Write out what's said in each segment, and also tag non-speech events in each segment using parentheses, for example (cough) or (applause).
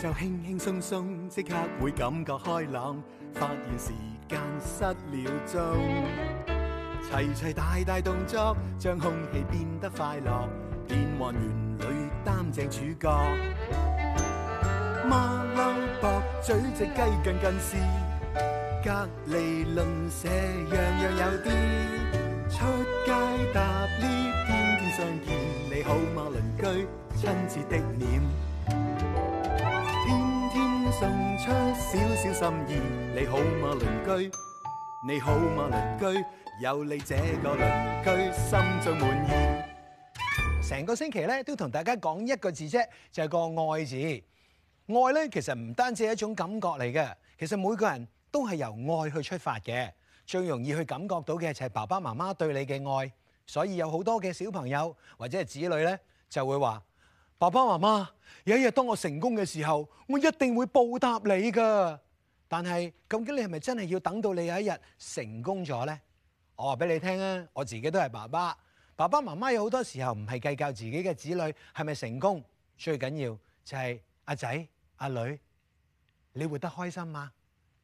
就輕輕鬆鬆，即刻會感覺開朗，發現時間失了蹤。齊齊大大動作，將空氣變得快樂，變幻園裏擔正主角。孖騮駁嘴，隻雞更近近視，隔籬鄰舍樣樣有啲。出街搭呢，天天相見，你好嗎，鄰居？親切的臉。送出少少心意，你好嘛鄰居？你好嘛鄰居？有你這個鄰居，心中滿意。成個星期咧都同大家講一個字啫，就係個愛字。愛咧其實唔單止係一種感覺嚟嘅，其實每個人都係由愛去出發嘅，最容易去感覺到嘅就係爸爸媽媽對你嘅愛。所以有好多嘅小朋友或者係子女咧就會話。爸爸媽媽，有一日當我成功嘅時候，我一定會報答你噶。但係究竟你係咪真係要等到你有一日成功咗呢？我話俾你聽啊，我自己都係爸爸。爸爸媽媽有好多時候唔係計較自己嘅子女係咪成功，最緊要就係阿仔阿女，你活得開心嘛？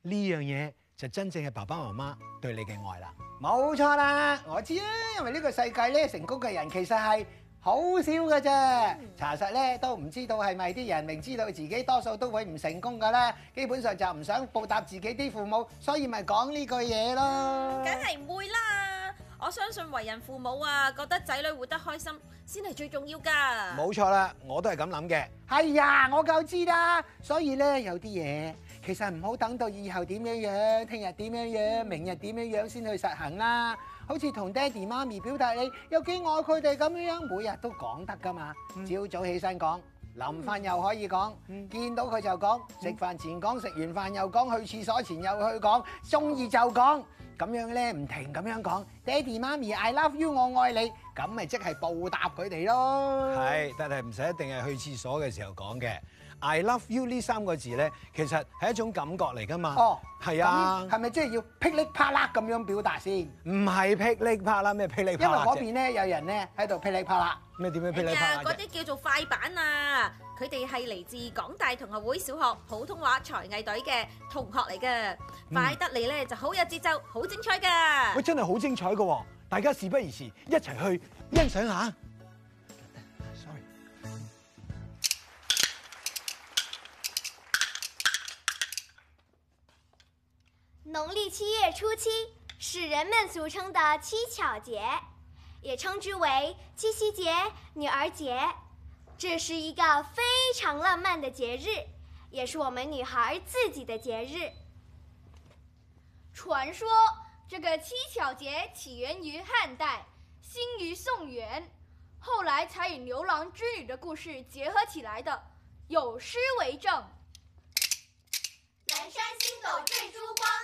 呢樣嘢就真正係爸爸媽媽對你嘅愛啦。冇錯啦，我知啊，因為呢個世界咧，成功嘅人其實係。好少㗎啫，查實咧都唔知道係咪啲人明知道自己多數都會唔成功㗎啦，基本上就唔想報答自己啲父母，所以咪講呢句嘢咯。梗係唔會啦，我相信為人父母啊，覺得仔女活得開心先係最重要㗎。冇錯啦，我都係咁諗嘅。係啊，我夠知啦，所以咧有啲嘢其實唔好等到以後點樣樣，聽日點樣樣，明日點樣樣先去實行啦。好似同爹哋媽咪表達你有幾愛佢哋咁樣，每日都講得㗎嘛。朝早起身講，臨瞓又可以講，見到佢就講，食飯前講，食完飯又講，去廁所前又去講，鍾意就講，咁樣咧唔停咁樣講。爹哋媽咪，I love you，我愛你，咁咪即係報答佢哋囉。係，但係唔使一定係去廁所嘅時候講嘅。I love you 呢三個字咧，其實係一種感覺嚟㗎嘛。哦，係啊，係咪即係要霹靂啪啦咁樣表達先？唔係霹靂啪啦咩？霹靂啪啦，因為嗰邊咧有人咧喺度霹靂啪啦咩？點樣霹靂啪啦？嗰啲、哎、叫做快板啊！佢哋係嚟自港大同學會小學普通話才藝隊嘅同學嚟㗎、嗯，快得嚟咧就好有節奏，好精彩㗎！喂、哎，真係好精彩㗎！大家事不宜遲，一齊去欣賞一下。農曆七月初七是人們俗稱的七巧節，也稱之為七夕節、女兒節。這是一個非常浪漫的節日，也是我們女孩自己的節日。傳說這個七巧節起源於漢代，興於宋元，後來才與牛郎織女的故事結合起來的。有詩為證：南山星斗綴珠光。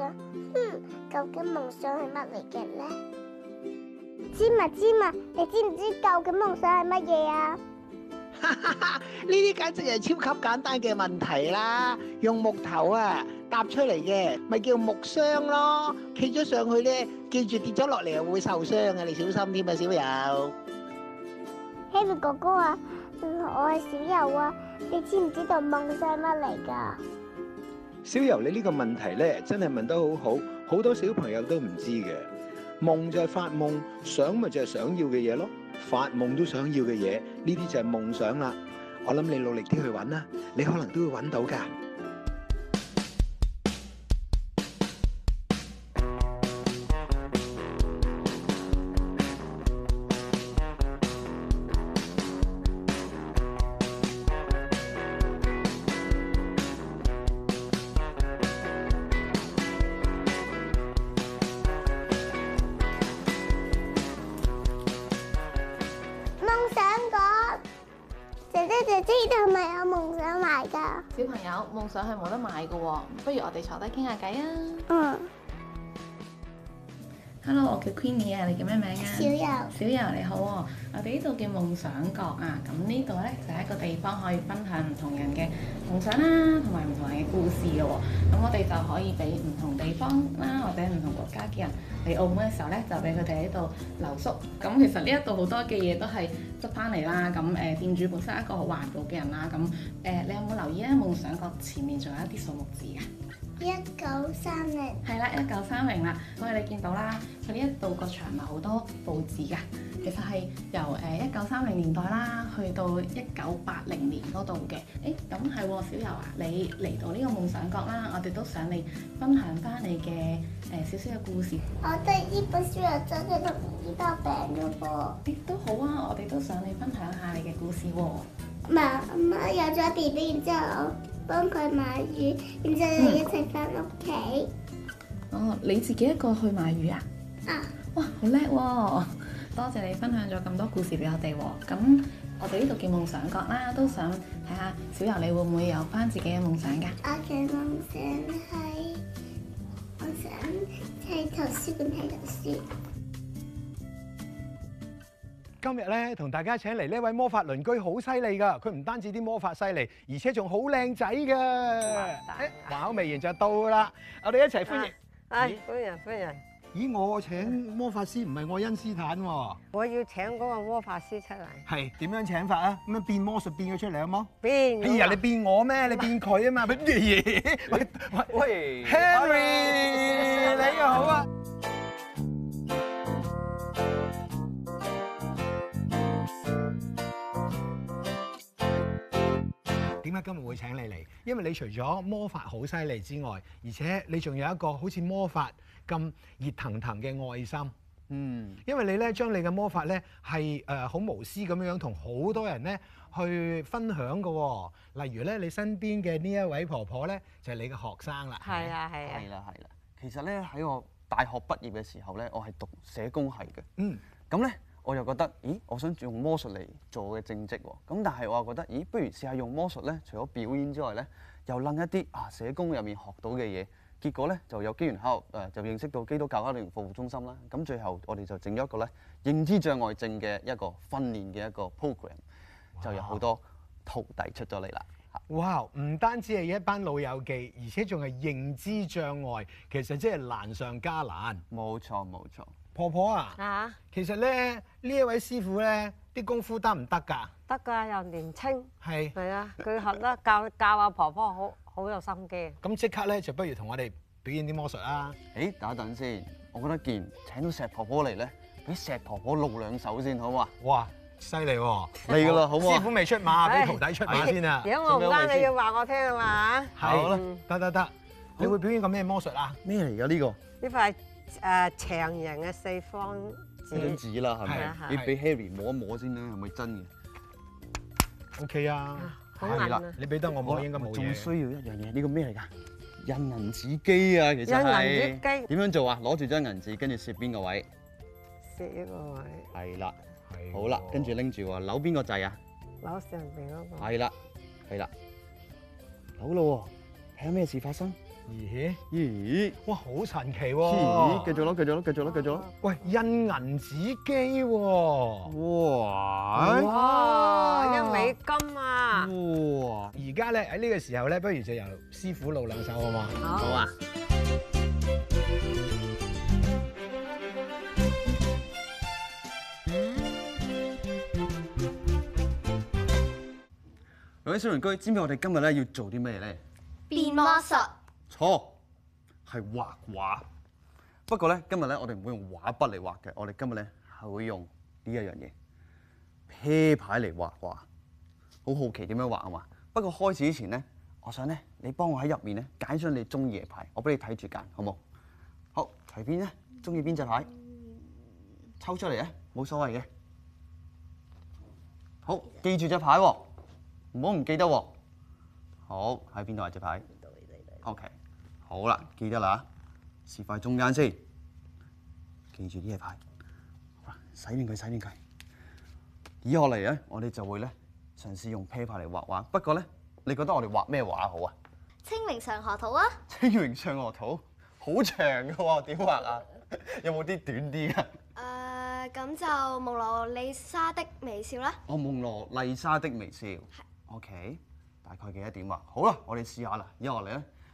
哼、嗯，究竟夢想係乜嚟嘅咧？芝麻芝麻，你知唔知究竟夢想係乜嘢啊？哈哈哈，呢啲簡直係超級簡單嘅問題啦！用木頭啊搭出嚟嘅，咪叫木箱咯。企咗上去咧，記住跌咗落嚟又會受傷嘅，你小心添啊，小由。希、hey, 木哥哥啊，我係小由啊，你知唔知道夢想係乜嚟噶？小由，你呢個問題咧，真係問得好好，好多小朋友都唔知嘅。夢就係發夢，想咪就係想要嘅嘢咯，發夢都想要嘅嘢，呢啲就係夢想啦。我諗你努力啲去揾啦，你可能都會揾到㗎。小朋友夢想係冇得買嘅喎，不如我哋坐低傾下偈啊！Hello 我叫 Queenie 啊，你叫咩名啊？小由，小由你好喎，我哋呢度叫夢想角啊，咁呢度呢，就係一個地方可以分享唔同人嘅夢想啦，同埋唔同人嘅故事嘅喎，咁我哋就可以俾唔同地方啦，或者唔同國家嘅人嚟澳門嘅時候呢，就俾佢哋喺度留宿。咁其實呢一度好多嘅嘢都係。執翻嚟啦，咁誒，店主本身係一個好環保嘅人啦，咁誒，你有冇留意咧？夢想閣前面仲有一啲數目字啊？一九三零，係啦，一九三零啦。我哋你見到啦，佢呢一度個牆咪好多報紙噶。其實係由誒一九三零年代啦，去到一九八零年嗰度嘅。誒、欸，咁係、哦，小由啊，你嚟到呢個夢想角啦，我哋都想你分享翻你嘅誒少少嘅故事。我得呢本書又真係得依家病咗噃。誒、欸，都好啊，我哋都想你分享一下你嘅故事喎、啊。媽媽有咗 BB 之後。幫佢買魚，然之後你一齊翻屋企。哦，你自己一個去買魚啊？啊！哇，好叻喎、啊！多謝你分享咗咁多故事俾我哋。咁我哋呢度嘅夢想角啦，都想睇下小由你會唔會有翻自己嘅夢想噶？我嘅夢想係我想喺圖書館睇圖書。今日咧同大家請嚟，呢位魔法鄰居好犀利噶，佢唔單止啲魔法犀利，而且仲好靚仔噶。話口、欸、未完就到啦，我哋一齊歡迎。啊，哎、歡迎歡迎。咦，我請魔法師唔係我愛因斯坦喎、啊。我要請嗰個魔法師出嚟。係，點樣請法啊？咁樣變魔術變咗出嚟好麼？變，好變。哎呀，你變我咩？你變佢啊嘛？乜嘢嘢？喂喂喂 Harry，你好啊！點解今日會請你嚟？因為你除咗魔法好犀利之外，而且你仲有一個好似魔法咁熱騰騰嘅愛心。嗯，因為你咧將你嘅魔法咧係誒好無私咁樣同好多人咧去分享嘅喎。例如咧，你身邊嘅呢一位婆婆咧就係你嘅學生啦。係啊，係啊。係啦，係啦。其實咧喺我大學畢業嘅時候咧，我係讀社工系嘅。嗯，咁咧。我又覺得，咦，我想用魔術嚟做嘅正職喎，咁但係我又覺得，咦，不如試下用魔術咧，除咗表演之外咧，又攬一啲啊社工入面學到嘅嘢，結果咧就有機緣巧合、呃、就認識到基督教家庭服務中心啦。咁最後我哋就整咗一個咧認知障礙症嘅一個訓練嘅一個 program。Wow。就有好多徒弟出咗嚟啦。哇！唔單止係一班老友記，而且仲係認知障礙，其實真係難上加難。冇錯，冇錯。婆婆啊，啊其實咧呢這一位師傅咧啲功夫得唔得㗎？得㗎，又年青。係。係啊，佢學得教教下婆婆好好有心機。咁即刻咧就不如同我哋表演啲魔術啦。等一等先，我覺得既然請到石婆婆嚟咧，俾石婆婆露兩手先好唔好啊？哇，犀利喎！係㗎咯，好唔好？師傅未出馬，俾、哎、徒弟出馬先啊！如果我唔啱，你要話我聽係嘛？係。好啦，得得得，你會表演個咩魔術啊？咩嚟㗎呢個？呢塊。誒、呃，長形嘅四方一張紙啦，係咪？你俾 Harry 摸一摸先啦，係咪真嘅？OK 啊，係、啊、啦、啊，你俾得我摸應該冇嘢。仲需要一樣嘢，呢、這個咩嚟噶？印銀紙機啊，其實係點樣做啊？攞住張銀紙，跟住攝邊個位？攝一個位。係啦，好啦，跟住拎住，扭邊個掣啊？扭上邊嗰個。係啦，係啦，扭啦，睇下咩事發生。咦咦，哇，好神奇喎、啊！繼續咯，繼續咯，繼續咯，繼續咯！喂，印銀紙機喎！哇哇，哇，印美金啊！哇，而家咧喺呢個時候咧，不如就由師傅露兩手好嘛？好啊！嗯嗯嗯、各位小鄰居，知唔知我哋今日咧要做啲咩咧？變魔術。好、哦，係畫畫。不過咧，今日咧，我哋唔會用畫筆嚟畫嘅，我哋今日咧係會用呢一樣嘢，啤牌嚟畫畫。好好奇點樣畫啊嘛？不過開始之前咧，我想咧你幫我喺入面咧揀張你中意嘅牌，我俾你睇住揀，好冇？好，喺邊咧？中意邊隻牌？抽出嚟啊！冇所謂嘅。好，記住隻牌喎、哦，唔好唔記得喎、哦。好，喺邊度啊？隻牌？O K。Okay. 好啦，記得啦，試塊中間先，記住呢啲牌。好啦，洗面佢，洗面佢。以後嚟咧，我哋就會咧嘗試用 paper 嚟畫畫。不過咧，你覺得我哋畫咩畫好啊？清明上河圖啊！清明上河圖，好長嘅喎， (laughs) 點畫啊？有冇啲短啲嘅？誒，咁就蒙羅麗莎的微笑啦。哦，蒙羅麗莎的微笑。OK，大概幾多點啊？好啦，我哋試下啦。以後嚟咧。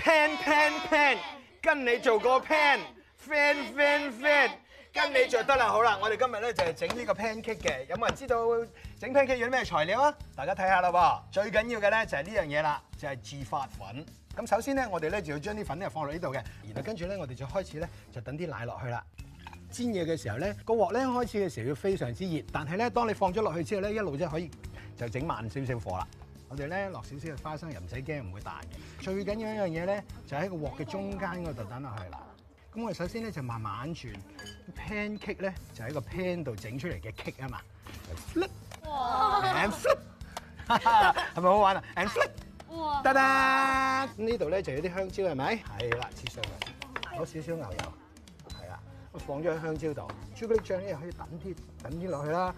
Pan pan pan，跟你做個 pan fan fan fan，跟你做得啦，好啦，我哋今日咧就係整呢個 pan cake 嘅。有冇人知道整 pan cake 用咩材料啊？大家睇下啦喎，最緊要嘅咧就係呢樣嘢啦，就係自發粉。咁首先咧，我哋咧就要將啲粉咧放落呢度嘅，然後跟住咧，我哋就開始咧就等啲奶落去啦。煎嘢嘅時候咧，個鑊咧開始嘅時候要非常之熱，但係咧，當你放咗落去之後咧，一路就可以就整慢少少火啦。我哋咧落少少嘅花生，又唔使驚唔會彈嘅。最緊要一樣嘢咧，就喺個鑊嘅中間嗰度等落去啦。咁我哋首先咧就慢慢轉。Pan cake 咧就喺個 pan 度整出嚟嘅 cake 啊嘛。哇！And flip，係咪好玩啊？And flip，哇！得啦。咁呢度咧就有啲香蕉係咪？係啦，切碎嘅。攞少少牛油，係啦，我放咗喺香蕉度。朱古力醬咧可以等啲，等啲落去啦。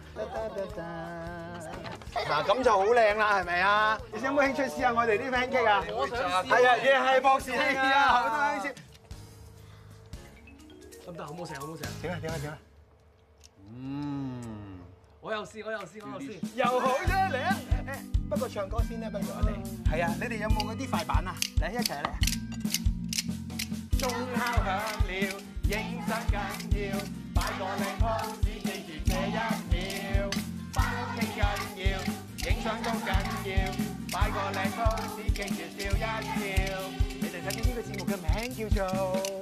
嗱，咁就好靚啦，係咪啊？你有冇興趣試下我哋啲 fans 啊？我想試。係啊，亦係博士 fans 啊，好多 fans。得唔得？好唔好食？好唔好食？點啊？點啊？點啊？嗯，我又試，我又試，我又試。又好啫，嚟啊！不過唱歌先啦，不如我哋。係啊，你哋有冇嗰啲快板啊？嚟一齊嚟。鐘敲響了，影相緊要，擺個靚 pose。你哋睇見呢個節目嘅名叫做。 (music) (music)